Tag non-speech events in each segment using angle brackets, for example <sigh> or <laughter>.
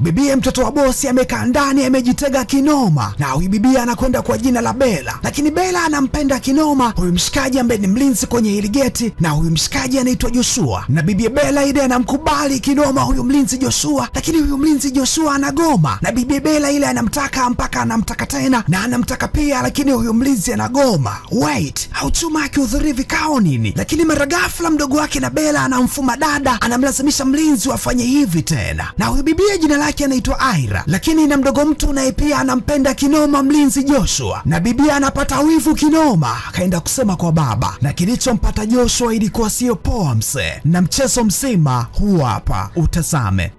Bibie mtoto wa bosi amekaa ndani amejitega kinoma, na huyu bibia anakwenda kwa jina la Bela, lakini Bela anampenda kinoma huyu mshikaji ambaye ni mlinzi kwenye hili geti, na huyu mshikaji anaitwa Joshua, na bibie Bela ile anamkubali kinoma huyu mlinzi Joshua, lakini huyu mlinzi Joshua anagoma, na bibie Bela ile anamtaka mpaka anamtaka tena na anamtaka pia, lakini huyu mlinzi anagoma. Wait, Auchuma akihudhuria vikao nini? Lakini mara ghafla mdogo wake na Bela anamfuma dada, anamlazimisha mlinzi wafanye hivi tena, na huyu bibia jina la yake anaitwa Aira, lakini na mdogo mtu naye pia anampenda kinoma, mlinzi Joshua, na bibia anapata wivu kinoma, akaenda kusema kwa baba, na kilichompata Joshua ilikuwa sio poa mse, na mchezo mzima huu hapa, utazame.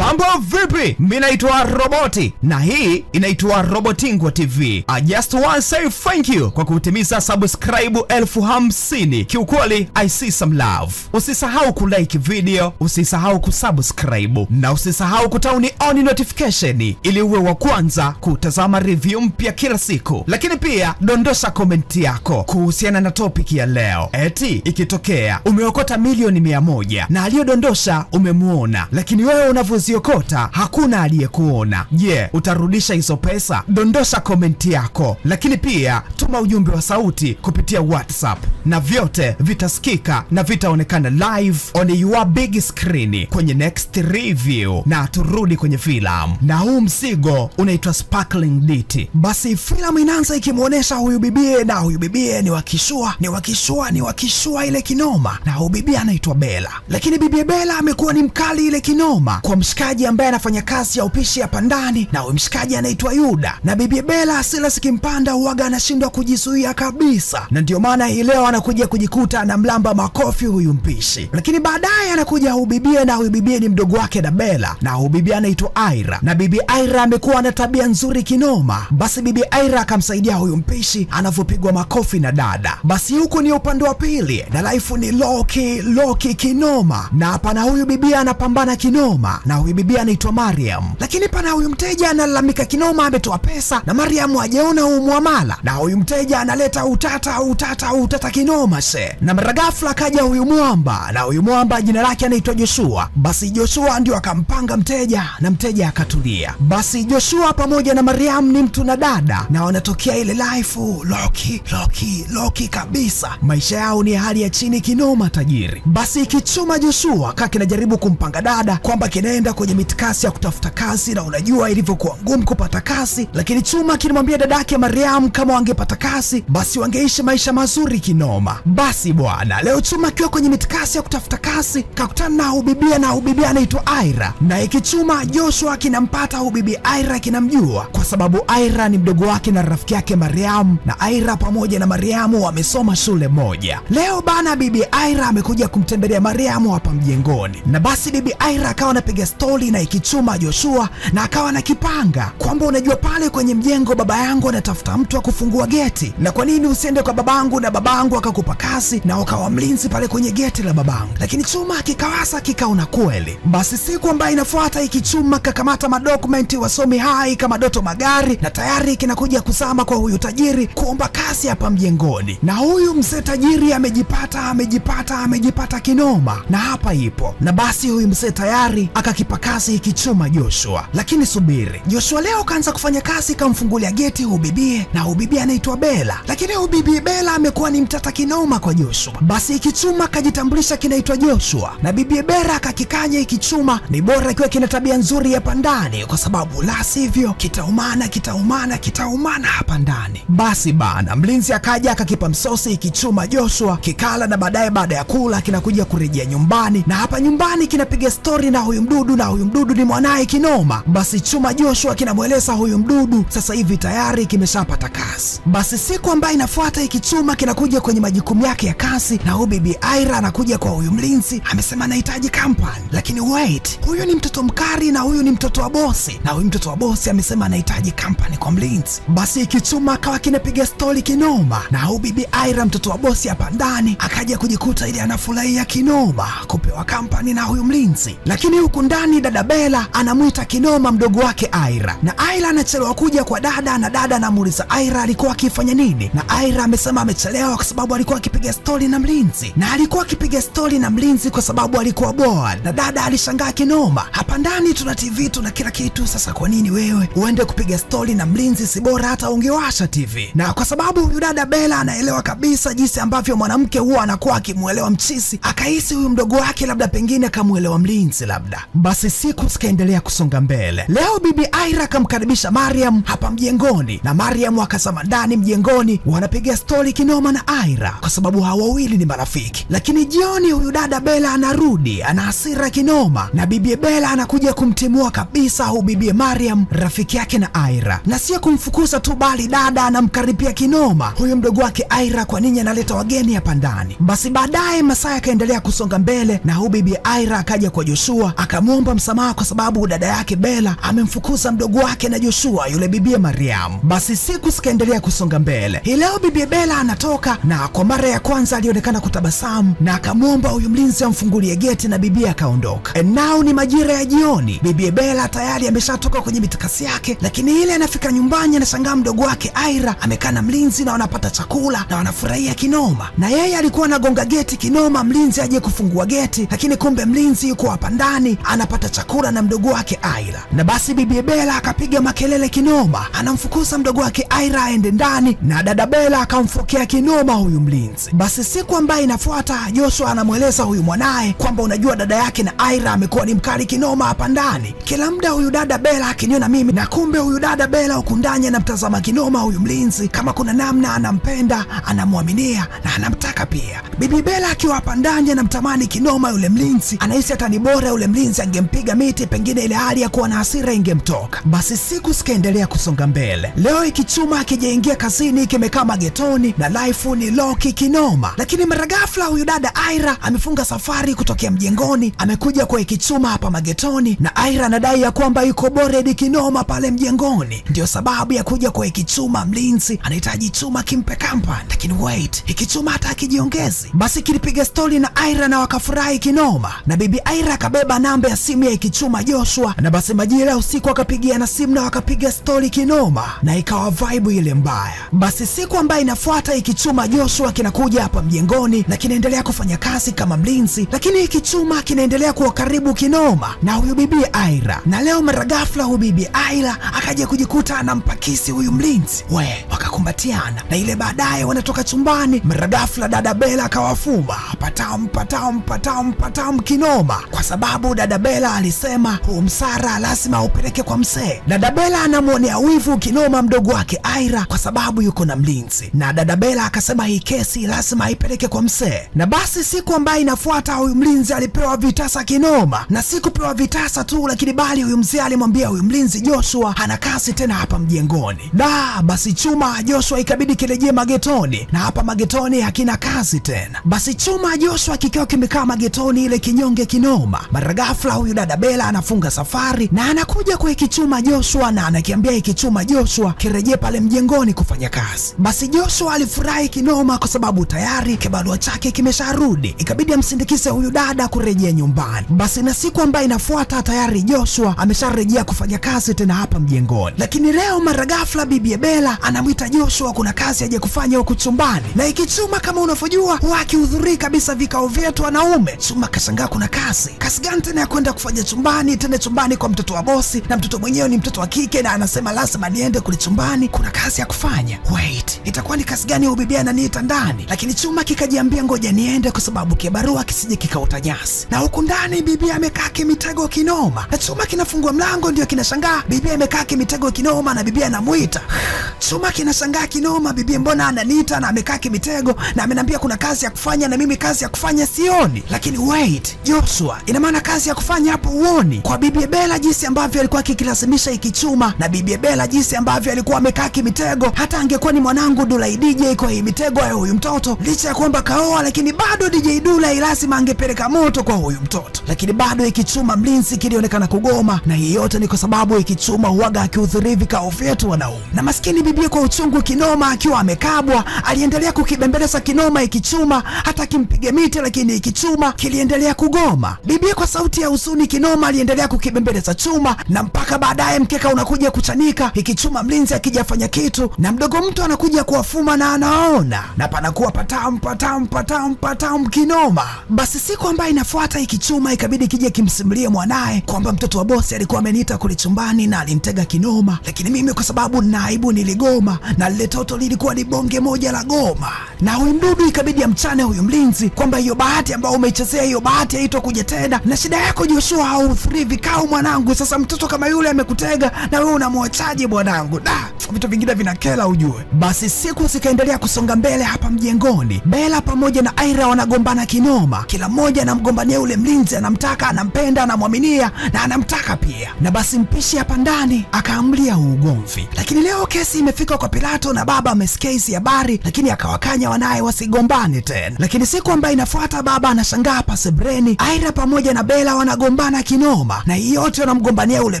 Mambo vipi? Mimi naitwa Roboti na hii inaitwa Robotingwa TV. I just want say thank you kwa kutimiza subscribe elfu hamsini. Kiukweli I see some love. Usisahau kulike video, usisahau kusubscribe na usisahau kutauni on notification ili uwe wa kwanza kutazama review mpya kila siku. Lakini pia dondosha komenti yako kuhusiana na topic ya leo. Eti ikitokea umeokota milioni mia moja na aliyodondosha umemwona lakini wewe unavyozi usiokota hakuna aliyekuona. Je, yeah, utarudisha hizo pesa? Dondosha komenti yako, lakini pia tuma ujumbe wa sauti kupitia WhatsApp na vyote vitasikika na vitaonekana live on your big screen kwenye next review. Na turudi kwenye filamu, na huu msigo unaitwa Sparkling Ditty. Basi filamu inaanza ikimwonyesha huyu bibie, na huyu bibie ni wakishua, ni wakishua, ni wakishua ile kinoma, na huyu bibie anaitwa Bella, lakini bibie Bella amekuwa ni mkali ile kinoma kwa mshika mshikaji ambaye anafanya kazi ya upishi hapa ndani, na huyu mshikaji anaitwa Yuda na bibi bela Silas Kimpanda huaga anashindwa kujizuia kabisa, na ndio maana hii leo anakuja kujikuta mlamba makofi huyu mpishi, lakini baadaye anakuja hubibie, na huyu ni mdogo wake na Bela, na hubibie anaitwa Aira, na bibi Aira amekuwa na tabia nzuri kinoma. Basi bibi Aira akamsaidia huyu mpishi anavyopigwa makofi na dada. Basi huku ni upande wa pili na laifu ni loki loki kinoma, na na huyu bibia anapambana kinoma na huyu bibi anaitwa Mariam. Lakini pana huyu mteja analalamika kinoma, ametoa pesa na Mariam hajaona huu muamala, na huyu mteja analeta utata utata utata kinoma se, na mara ghafla kaja huyu mwamba, na huyu mwamba jina lake anaitwa Joshua. Basi Joshua ndio akampanga mteja na mteja akatulia. Basi Joshua pamoja na Mariam ni mtu na dada, na wanatokea ile life loki loki loki kabisa, maisha yao ni hali ya chini kinoma, tajiri. Basi kichuma Joshua kaa kinajaribu kumpanga dada kwamba kinaenda unaenda kwenye mitikasi ya kutafuta kazi na unajua ilivyokuwa ngumu kupata kazi, lakini Chuma dada dadake Mariam kama wangepata kazi basi wangeishi maisha mazuri kinoma. Basi bwana, leo Chuma akiwa kwenye mitikasi ya kutafuta kazi kakutana na ubibia na ubibia anaitwa Aira, na ikichuma Joshua kinampata ubibi Aira kinamjua kwa sababu Aira ni mdogo wake na rafiki yake Mariam, na Aira pamoja na Mariamu wamesoma shule moja. Leo bana, bibi Aira amekuja kumtembelea Mariamu hapa mjengoni, na basi bibi Aira akawa anapiga pistoli na ikichuma Joshua na akawa na kipanga, kwamba unajua pale kwenye mjengo baba yangu anatafuta mtu wa kufungua geti, na kwa nini usiende kwa babangu na babangu akakupa kazi na ukawa mlinzi pale kwenye geti la babangu. Lakini chuma kikawasa kikaona kweli. Basi siku ambayo inafuata ikichuma kakamata madokumenti wasomi hai kama Doto Magari, na tayari kinakuja kuzama kwa huyu tajiri kuomba kazi hapa mjengoni, na huyu mzee tajiri amejipata amejipata amejipata kinoma, na hapa ipo na basi huyu mzee tayari akakipa kuchapa kazi ikichoma Joshua. Lakini subiri, Joshua leo kaanza kufanya kazi, kamfungulia geti ubibie na ubibie anaitwa Bela. Lakini ubibie Bela amekuwa ni mtata kinoma kwa Joshua. Basi ikichuma kajitambulisha kinaitwa Joshua na bibie Bera kakikanya ikichuma, ni bora ikiwa kina tabia nzuri hapa ndani, kwa sababu la sivyo kitaumana, kitaumana, kitaumana hapa ndani. Basi bana, mlinzi akaja akakipa msosi ikichuma Joshua kikala, na baadaye baada ya kula kinakuja kurejea nyumbani, na hapa nyumbani kinapiga stori na huyu mdudu bwana, huyu mdudu ni mwanaye kinoma. Basi chuma Joshua kinamweleza huyu mdudu sasa hivi tayari kimeshapata kazi. Basi siku ambayo inafuata ikichuma kinakuja kwenye majukumu yake ya kazi, na huyu bibi Aira anakuja kwa huyu mlinzi, amesema anahitaji kampani, lakini wait, huyu ni mtoto mkari na huyu ni mtoto wa bosi, na huyu mtoto wa bosi amesema anahitaji kampani kwa mlinzi. Basi ikichuma akawa kinapiga stori kinoma, na huyu bibi Aira mtoto wa bosi hapa ndani akaja kujikuta ili anafurahia kinoma kupewa kampani na huyu mlinzi, lakini huku ndani njiani dada Bella anamwita kinoma mdogo wake Aira, na Aira anachelewa kuja kwa dada, na dada anamuuliza Aira alikuwa akifanya nini, na Aira amesema amechelewa kwa sababu alikuwa akipiga stori na mlinzi, na alikuwa akipiga stori na mlinzi kwa sababu alikuwa bored, na dada alishangaa kinoma. Hapa ndani tuna TV tuna kila kitu, sasa kwa nini wewe uende kupiga stori na mlinzi? Si bora hata ungewasha TV. Na kwa sababu huyu dada Bella anaelewa kabisa jinsi ambavyo mwanamke huwa anakuwa akimuelewa mchisi, akahisi huyu mdogo wake labda pengine akamuelewa mlinzi labda basi basi siku zikaendelea kusonga mbele. Leo Bibi Aira akamkaribisha Mariam hapa mjengoni, na Mariam wakazama ndani mjengoni, wanapiga stori kinoma na Aira kwa sababu hawa wawili ni marafiki. Lakini jioni huyu dada Bela anarudi, ana kinoma, na Bibi Bela anakuja kumtimua kabisa hu Bibi Mariam rafiki yake na Aira, na sio kumfukuza tu, bali dada anamkaribia kinoma huyu mdogo wake Aira, kwa ninyi analeta wageni hapa ndani? Basi baadaye masaa yakaendelea kusonga mbele, na hu Bibi Aira akaja kwa Joshua akamwomba ameomba msamaha kwa sababu dada yake bela amemfukuza mdogo wake na Joshua yule bibie Mariam. Basi siku zikaendelea kusonga mbele. Hii leo bibie bela anatoka na kwa mara ya kwanza alionekana kutabasamu na akamwomba huyu mlinzi amfungulie geti na bibie akaondoka. Nao ni majira ya jioni, bibie bela tayari ameshatoka kwenye mitakasi yake, lakini ile anafika nyumbani anashangaa mdogo wake Aira amekaa na mlinzi na wanapata chakula na wanafurahia kinoma, na yeye alikuwa anagonga geti kinoma, mlinzi aje kufungua geti, lakini kumbe mlinzi yuko hapa ndani anapata kupata chakula na mdogo wake Aira. Na basi bibi Bela akapiga makelele kinoma, anamfukuza mdogo wake Aira aende ndani, na dada Bela akamfokea kinoma huyu mlinzi. Basi siku ambayo inafuata, Joshua anamweleza huyu mwanaye kwamba unajua dada yake na Aira amekuwa ni mkali kinoma hapa ndani, kila muda huyu dada Bela akiniona mimi, na kumbe huyu dada Bela huku ndani anamtazama kinoma huyu mlinzi kama kuna namna anampenda, anamwaminia na anamtaka pia. Bibi Bela akiwa hapa ndani anamtamani kinoma yule mlinzi, anahisi hata ni bora yule mlinzi ange ingempiga miti, pengine ile hali ya kuwa na hasira ingemtoka. Basi siku zikaendelea kusonga mbele. Leo ikichuma akijaingia kazini kimekaa magetoni na laifu ni loki kinoma, lakini mara ghafla huyu dada Aira amefunga safari kutokea mjengoni, amekuja kwa ikichuma hapa magetoni, na Aira anadai ya kwamba yuko bored kinoma pale mjengoni, ndio sababu ya kuja kwa ikichuma. Mlinzi anahitaji chuma kimpe kampa, lakini wait, ikichuma hata akijiongezi. Basi kilipiga stori na Aira na wakafurahi kinoma, na bibi Aira akabeba namba ya simu ikichuma Joshua, na basi majira ya usiku na simu na wakapiga stori kinoma, na ikawa vibe ile mbaya. Basi siku ambayo inafuata ikichuma Joshua kinakuja hapa mjengoni na kinaendelea kufanya kazi kama mlinzi, lakini ikichuma kinaendelea kuwa karibu kinoma na huyu bibi Aira, na leo mara ghafla huyu bibi Aira akaja kujikuta anampakisi huyu mlinzi we wanakumbatiana na ile baadaye wanatoka chumbani, mara ghafla dada Bela akawafuma patam patam patam patam kinoma, kwa sababu dada Bela alisema huu msara lazima upeleke kwa msee. Dada Bela anamwonea wivu kinoma mdogo wake Aira kwa sababu yuko na mlinzi, na dada Bela akasema hii kesi lazima ipeleke kwa msee. Na basi siku ambayo inafuata huyu mlinzi alipewa vitasa kinoma, na si kupewa vitasa tu, lakini bali huyu mzee alimwambia huyu mlinzi Joshua ana kazi tena hapa mjengoni. Da basi chuma Joshua ikabidi kirejee magetoni, na hapa magetoni hakina kazi tena. Basi chuma Joshua kikiwa kimekaa magetoni, ile kinyonge kinoma. Mara ghafla huyu dada Bela anafunga safari na anakuja kwa ikichuma Joshua na anakiambia ikichuma Joshua kirejee pale mjengoni kufanya kazi. Basi Joshua alifurahi kinoma, kwa sababu tayari kibarua chake kimesharudi, ikabidi amsindikize huyu dada kurejea nyumbani. Basi na siku ambayo inafuata tayari Joshua amesharejea kufanya kazi tena hapa mjengoni, lakini leo mara ghafla bibi Bela anamwita Joshua kuna kazi aje kufanya huku chumbani, na ikichuma kama unavyojua akihudhurii kabisa vikao vyetu wanaume. Chuma kashangaa kuna kazi, kazi gani tena ya kwenda kufanya chumbani? Tena chumbani kwa mtoto wa bosi, na mtoto mwenyewe ni mtoto wa kike, na anasema lazima niende kule chumbani, kuna kazi ya kufanya. Wait, itakuwa ni kazi gani? ubibi ananiita ndani, lakini chuma kikajiambia ngoja niende kwa sababu kibarua kisije kikaota nyasi. Na huku ndani bibia amekaa kimitego kinoma, na chuma kinafungua mlango, ndio kinashangaa bibia amekaa kimitego kinoma, na bibia anamwita <sighs> chuma kina Nashangaa kinoma, bibi mbona ananiita na amekaa kimitego na ameniambia kuna kazi ya kufanya, na mimi kazi ya kufanya sioni. Lakini wait, Joshua, ina maana kazi ya kufanya hapo uoni? Kwa bibi Bella jinsi ambavyo alikuwa akikilazimisha ikichuma na bibi Bella jinsi ambavyo alikuwa amekaa kimitego, hata angekuwa ni mwanangu Dulai DJ kwa hii mitego ya huyu mtoto, licha ya kwamba kaoa, lakini bado DJ Dulai lazima angepeleka moto kwa huyu mtoto. Lakini bado ikichuma mlinzi kilionekana kugoma, na hii yote ni kwa sababu ikichuma huaga akihudhuria vikao vyetu wanaume na maskini bibi kwa uchungu kiungu kinoma akiwa amekabwa, aliendelea kukibembeleza kinoma ikichuma, hata kimpige miti, lakini ikichuma kiliendelea kugoma. Bibi kwa sauti ya huzuni kinoma aliendelea kukibembeleza chuma, na mpaka baadaye mkeka unakuja kuchanika, ikichuma mlinzi akijafanya kitu, na mdogo mtu anakuja kuwafuma na anaona, na panakuwa patam patam patam patam kinoma. Basi siku ambayo inafuata ikichuma ikabidi kija kimsimulie mwanaye kwamba mtoto wa bosi alikuwa ameniita kule chumbani na alimtega kinoma, lakini mimi kwa sababu nina aibu niligoma na lile toto lilikuwa ni bonge moja la goma, na huyu mdudu ikabidi amchane huyu mlinzi kwamba hiyo bahati ambayo umeichezea hiyo bahati haitokuja tena, na shida yako Joshua hauhudhurii vikao mwanangu. Sasa mtoto kama yule amekutega na wewe unamwachaje mwanangu? Da, vitu vingine vinakela ujue. Basi siku zikaendelea kusonga mbele hapa mjengoni. Bela pamoja na Aira wanagombana kinoma, kila mmoja anamgombania yule mlinzi, anamtaka, anampenda, anamwaminia na anamtaka pia. Na basi mpishi hapa ndani akaamlia huu ugomvi, lakini leo kesi imefika kwa Pilato mapato na baba amesikia hizi habari, lakini akawakanya wanaye wasigombane tena. Lakini siku ambayo inafuata baba anashangaa pasebreni, Aira pamoja na Bela wanagombana kinoma, na yote wanamgombania ule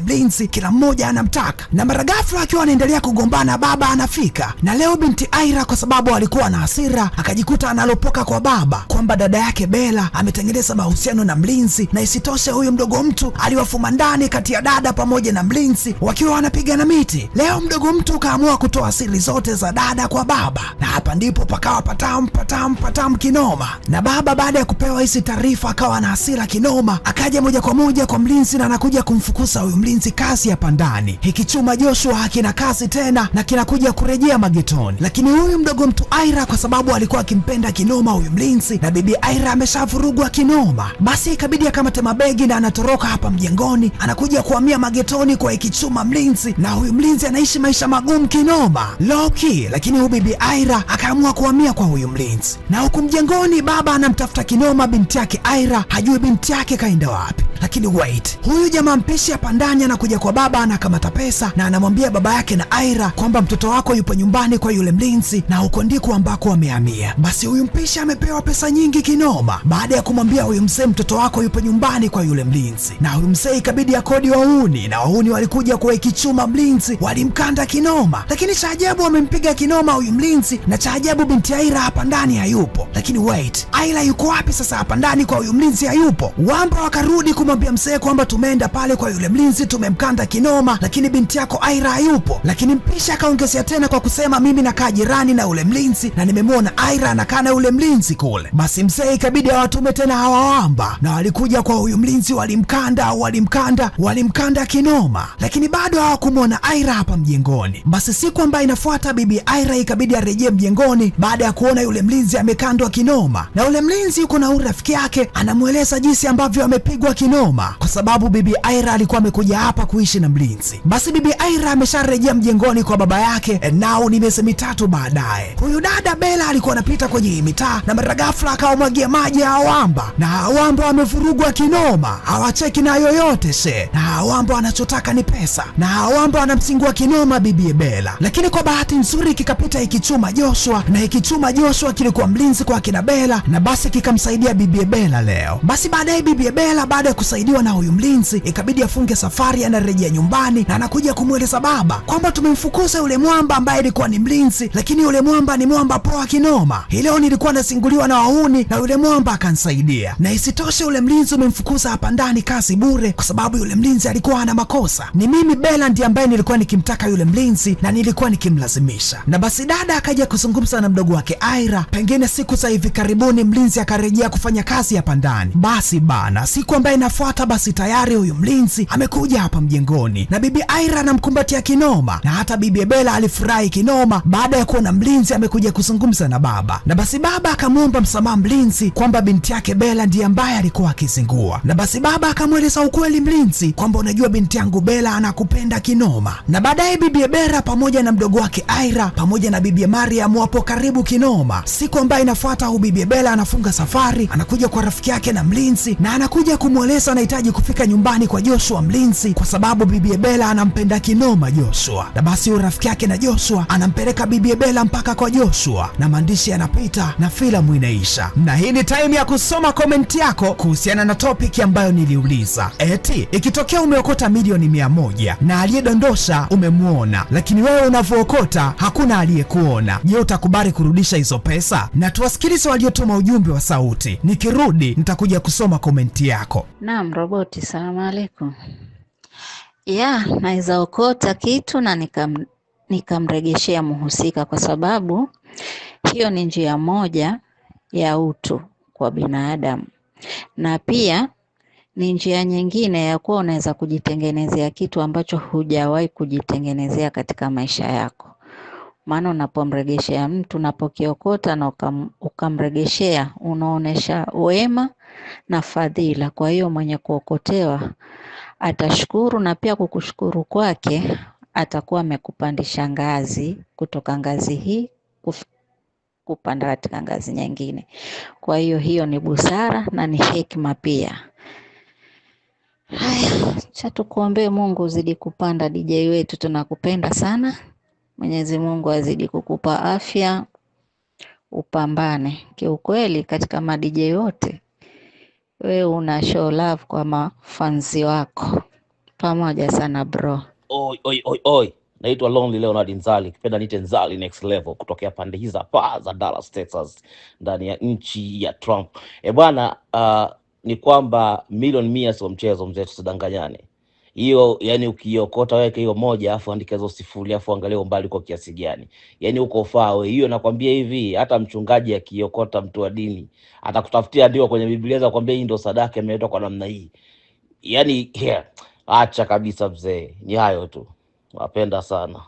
Blinzi, kila mmoja anamtaka. Na mara ghafla akiwa anaendelea kugombana, baba anafika, na leo binti Aira kwa sababu alikuwa na hasira akajikuta analopoka kwa baba kwamba dada yake Bela ametengeneza mahusiano na mlinzi, na isitoshe huyu mdogo mtu aliwafuma ndani kati ya dada pamoja na mlinzi wakiwa wanapigana miti. Leo mdogo mtu ukaamua kutoa siri zote za dada kwa baba, na hapa ndipo pakawa patam patam patam kinoma. Na baba baada ya kupewa hizi taarifa akawa na hasira kinoma, akaja moja kwa moja kwa mlinzi na anakuja kumfukusa huyu mlinzi kasi hapa ndani. Hiki chuma Joshua hakina kasi tena na kinakuja kurejea magetoni, lakini huyu mdogo mtu Aira kwa sababu alikuwa akimpenda kinoma huyu mlinzi, na bibi Aira ameshavurugwa kinoma, basi ikabidi akamate mabegi na anatoroka hapa mjengoni, anakuja kuhamia magetoni kwa ikichuma mlinzi, na huyu mlinzi anaishi maisha magumu kinoma. Loki, lakini huyu bibi Aira akaamua kuhamia kwa huyu mlinzi, na huku mjengoni baba anamtafuta kinoma binti yake Aira, hajui binti yake kaenda wapi lakini wait, huyu jamaa mpishi hapa ndani anakuja kwa baba, anakamata pesa na anamwambia baba yake na Aira kwamba mtoto wako yupo nyumbani kwa yule mlinzi na huko ndiko ambako wamehamia. Basi huyu mpishi amepewa pesa nyingi kinoma, baada ya kumwambia huyu mzee mtoto wako yupo nyumbani kwa yule mlinzi, na huyu mzee ikabidi akodi wauni na wauni walikuja kwa ikichuma mlinzi, walimkanda kinoma, lakini cha ajabu wamempiga kinoma huyu mlinzi, na cha ajabu binti Aira hapa ndani hayupo. Lakini wait, Aira yuko wapi sasa? Hapa ndani kwa huyu mlinzi hayupo. Wamba wakarudi kuma kumwambia mzee kwamba tumeenda pale kwa yule mlinzi tumemkanda kinoma, lakini binti yako Aira hayupo. Lakini mpisha akaongezea tena kwa kusema mimi nakaa jirani na yule mlinzi na nimemwona Aira anakaa na yule mlinzi kule. Basi mzee ikabidi awatume tena hawawamba, na walikuja kwa huyu mlinzi, walimkanda walimkanda walimkanda kinoma, lakini bado hawakumwona Aira hapa mjengoni. Basi siku ambayo inafuata bibi Aira ikabidi arejee mjengoni baada ya kuona yule mlinzi amekandwa kinoma, na yule mlinzi yuko na huyu rafiki yake anamweleza jinsi ambavyo amepigwa kinoma Dodoma, kwa sababu Bibi Aira alikuwa amekuja hapa kuishi na Mlinzi. Basi Bibi Aira amesharejea mjengoni kwa baba yake, eh, nao ni miezi mitatu baadaye. Huyu dada Bela alikuwa anapita kwenye mitaa na mara ghafla akawamwagia maji ya Awamba, na hawamba wamevurugwa kinoma, hawacheki na yoyote she, na Awamba anachotaka ni pesa, na Awamba anamsingua kinoma Bibi Bela. Lakini kwa bahati nzuri kikapita ikichuma Joshua, na ikichuma Joshua kilikuwa Mlinzi kwa kina Bela, na basi kikamsaidia Bibi Bela leo. Basi baadaye Bibi Bela baada ya kusaidiwa na huyu mlinzi, ikabidi afunge safari, anarejea nyumbani na anakuja kumweleza baba kwamba tumemfukuza yule mwamba ambaye alikuwa ni mlinzi, lakini yule mwamba ni mwamba poa kinoma. Hii leo nilikuwa nasinguliwa na wahuni na yule mwamba akansaidia na isitoshe yule mlinzi umemfukuza hapa ndani kazi bure, kwa sababu yule mlinzi alikuwa ana makosa. Ni mimi Bela ndiye ambaye nilikuwa nikimtaka yule mlinzi na nilikuwa nikimlazimisha. Na basi dada akaja kuzungumza na mdogo wake Aira, pengine siku za hivi karibuni mlinzi akarejea kufanya kazi hapa ndani. Basi bana, siku ambaye na anafuata, basi tayari huyu mlinzi amekuja hapa mjengoni, na bibi Aira anamkumbatia kinoma, na hata bibi Ebela alifurahi kinoma baada ya kuona mlinzi amekuja kuzungumza na baba. Na basi baba akamwomba msamaha mlinzi kwamba binti yake Bela ndiye ambaye alikuwa akizingua, na basi baba akamweleza ukweli mlinzi kwamba unajua, binti yangu Bela anakupenda kinoma. Na baadaye bibi Ebera pamoja na mdogo wake Aira pamoja na bibi Mariam wapo karibu kinoma. Siku ambayo inafuata, hu bibi Ebela anafunga safari, anakuja kwa rafiki yake na mlinzi na anakuja kumweleza Yesu anahitaji kufika nyumbani kwa Joshua mlinzi, kwa sababu Bibi Ebela anampenda kinoma Joshua, na basi huyo rafiki yake na Joshua anampeleka Bibi Ebela mpaka kwa Joshua, na maandishi yanapita na filamu inaisha. Na hii ni taimu ya kusoma komenti yako kuhusiana na topiki ambayo niliuliza eti ikitokea umeokota milioni mia moja na aliyedondosha umemwona, lakini wewe unavyookota hakuna aliyekuona, je, utakubali kurudisha hizo pesa? Na tuwasikilize waliotuma ujumbe wa sauti. Nikirudi nitakuja kusoma komenti yako na Naam, roboti, salamu alaikum. Ya, naweza okota kitu na nikam, nikamregeshea muhusika kwa sababu hiyo ni njia moja ya utu kwa binadamu, na pia ni njia nyingine ya kuwa unaweza kujitengenezea kitu ambacho hujawahi kujitengenezea katika maisha yako maana unapomregeshea mtu, unapokiokota na ukamregeshea, unaonesha wema na fadhila. Kwa hiyo mwenye kuokotewa atashukuru, na pia kukushukuru kwake atakuwa amekupandisha ngazi kutoka ngazi hii kupanda katika ngazi nyingine. Kwa hiyo hiyo ni busara na ni hekima pia. Haya, cha tukuombee Mungu uzidi kupanda DJ wetu, tunakupenda sana. Mwenyezi Mungu azidi kukupa afya, upambane. Kiukweli katika madije yote we una show love kwa mafanzi wako. Pamoja sana bro. Oi, oi, oi, oi. Naitwa Lonely Leonard Nzali, kipenda niite Nzali Next Level, kutokea pande hizi hapa za Dallas, Texas, ndani ya nchi ya Trump. E bwana, uh, ni kwamba milioni mia sio mchezo mzee, tusidanganyane hiyo yani, ukiokota weke hiyo moja, afu andika hizo sifuri, afu angalia umbali kwa kiasi gani, yani uko fawe. Hiyo nakwambia hivi, hata mchungaji akiokota, mtu wa dini atakutafutia ndio kwenye Biblia za kwambia hii ndio sadaka imeletwa kwa namna hii, yani yeah. Acha kabisa mzee, ni hayo tu, wapenda sana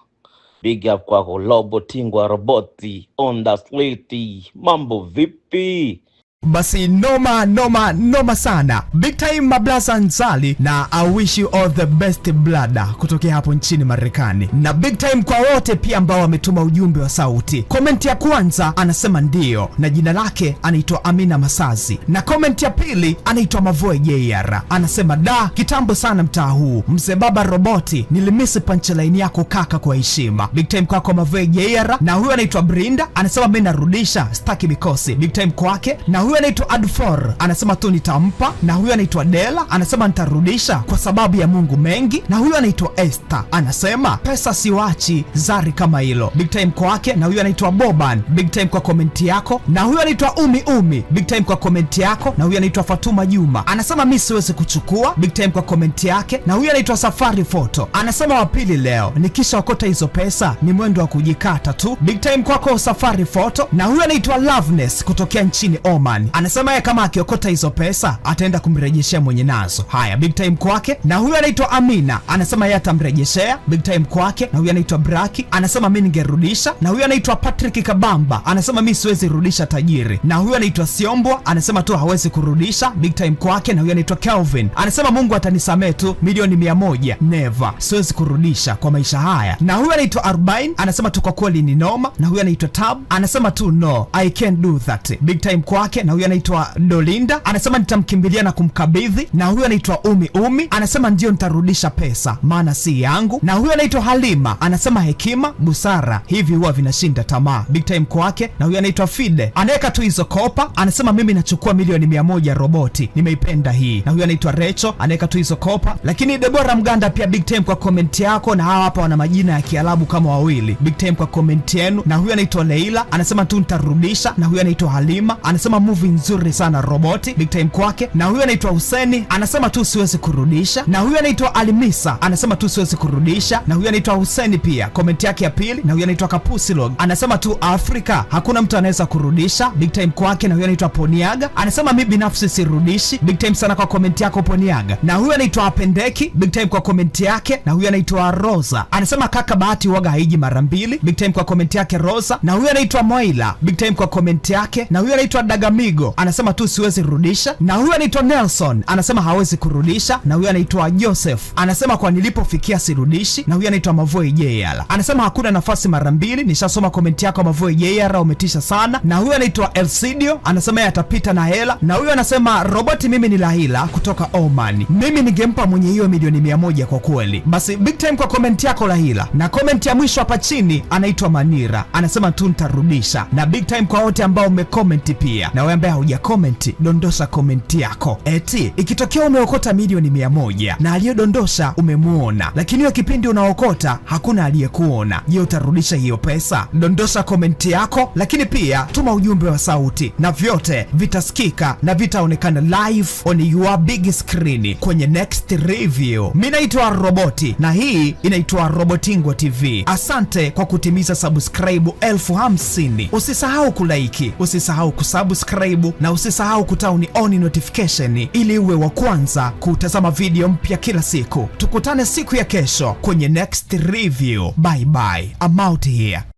Big up kwako Lobo Tingwa Roboti on the street. Mambo vipi? Basi noma noma noma sana, big time Mablaza Nzali na I wish you all the best blada, kutokea hapo nchini Marekani. Na big time kwa wote pia ambao wametuma ujumbe wa sauti. Komenti ya kwanza anasema ndio na jina lake anaitwa Amina Masazi, na komenti ya pili anaitwa Mavoe JR, anasema da, kitambo sana mtaa huu mzee baba roboti, nilimisi punchline yako kaka, kwa heshima. Big time kwako Mavoe JR. Na huyo anaitwa Brinda anasema mimi narudisha, staki mikosi. Big time kwake na huyo Huyu anaitwa Adfor anasema tu nitampa, na huyu anaitwa Dela anasema nitarudisha kwa sababu ya Mungu mengi, na huyu anaitwa Esther anasema pesa siwachi zari kama hilo. Big time kwake, na huyu anaitwa Boban. Big time kwa komenti yako, na huyu anaitwa Umi Umi. Big time kwa komenti yako, na huyu anaitwa Fatuma Juma anasema mi siwezi kuchukua. Big time kwa komenti yake, na huyu anaitwa Safari Photo anasema wapili leo nikisha okota hizo pesa ni mwendo wa kujikata tu. Big time kwako kwa Safari Photo, na huyu anaitwa Loveness kutokea nchini Oman. Imani anasema yeye kama akiokota hizo pesa ataenda kumrejeshea mwenye nazo. Haya, big time kwake. Na huyu anaitwa Amina anasema yeye atamrejeshea big time kwake. Na huyu anaitwa Braki anasema mimi ningerudisha. Na huyu anaitwa Patrick Kabamba anasema mimi siwezi rudisha tajiri. Na huyu anaitwa Siombwa anasema tu hawezi kurudisha big time kwake. Na huyu anaitwa Kelvin anasema Mungu atanisamee tu milioni mia moja never, siwezi kurudisha kwa maisha haya. Na huyu anaitwa Arbain anasema tu kwa kweli ni noma. Na huyu anaitwa Tab anasema tu no I can't do that big time kwake na huyu anaitwa Dolinda anasema nitamkimbilia na kumkabidhi, na huyu anaitwa Umi Umi anasema ndio nitarudisha pesa maana si yangu, na huyu anaitwa Halima anasema hekima, busara hivi huwa vinashinda tamaa big time kwake, na huyu anaitwa Fide anaweka tu hizo kopa, anasema mimi nachukua milioni mia moja roboti, nimeipenda hii, na huyu anaitwa Recho anaweka tu hizo kopa. Lakini Debora Mganda pia big time kwa komenti yako, na hawa hapa wana majina ya Kiarabu kama wawili, big time kwa komenti yenu, na huyu anaitwa Leila anasema tu nitarudisha, na huyu anaitwa Halima anasema movie nzuri sana roboti, big time kwake. Na huyu anaitwa Huseni anasema tu siwezi kurudisha, na huyu anaitwa Almisa anasema tu siwezi kurudisha, na huyu anaitwa Huseni pia komenti yake ya pili, na huyu anaitwa Kapusilog anasema tu Afrika hakuna mtu anaweza kurudisha, big time kwake. Na huyu anaitwa Poniaga anasema mi binafsi sirudishi, big time sana kwa komenti yako Poniaga. Na huyu anaitwa Apendeki, big time kwa komenti yake. Na huyu anaitwa Rosa anasema kaka, bahati huaga haiji mara mbili, big time kwa komenti yake Rosa. Na huyu anaitwa Moila, big time kwa komenti yake. Na huyu anaitwa Dagami Madigo anasema tu siwezi rudisha, na huyu anaitwa Nelson anasema hawezi kurudisha, na huyu anaitwa Joseph anasema kwa nilipofikia sirudishi, na huyu anaitwa Mavoi JR anasema hakuna nafasi mara mbili, nishasoma komenti yako Mavoi JR, umetisha sana. Na huyu anaitwa Elcidio anasema yatapita atapita na hela, na huyu anasema roboti mimi ni Lahila kutoka Oman, mimi ningempa mwenye hiyo milioni mia moja kwa kweli. Basi big time kwa komenti yako Lahila. Na komenti ya mwisho hapa chini anaitwa Manira anasema tu nitarudisha, na big time kwa wote ambao umekomenti pia na ambaye hauja comment, dondosa comment yako eti ikitokea umeokota milioni mia moja na aliyodondosha umemwona, lakini hiyo kipindi unaokota hakuna aliyekuona, je, utarudisha hiyo pesa? Dondosa comment yako, lakini pia tuma ujumbe wa sauti, na vyote vitasikika na vitaonekana live on your big screen kwenye next review. Mi naitwa Roboti na hii inaitwa Robotingwa TV. Asante kwa kutimiza subscribe 50 Usisahau kulaiki, usisahau kusubscribe subscribe na usisahau kutauni on notification ili uwe wa kwanza kutazama video mpya kila siku. Tukutane siku ya kesho kwenye next review. Bye bye. I'm out here.